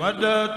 مدت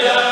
ya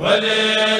wale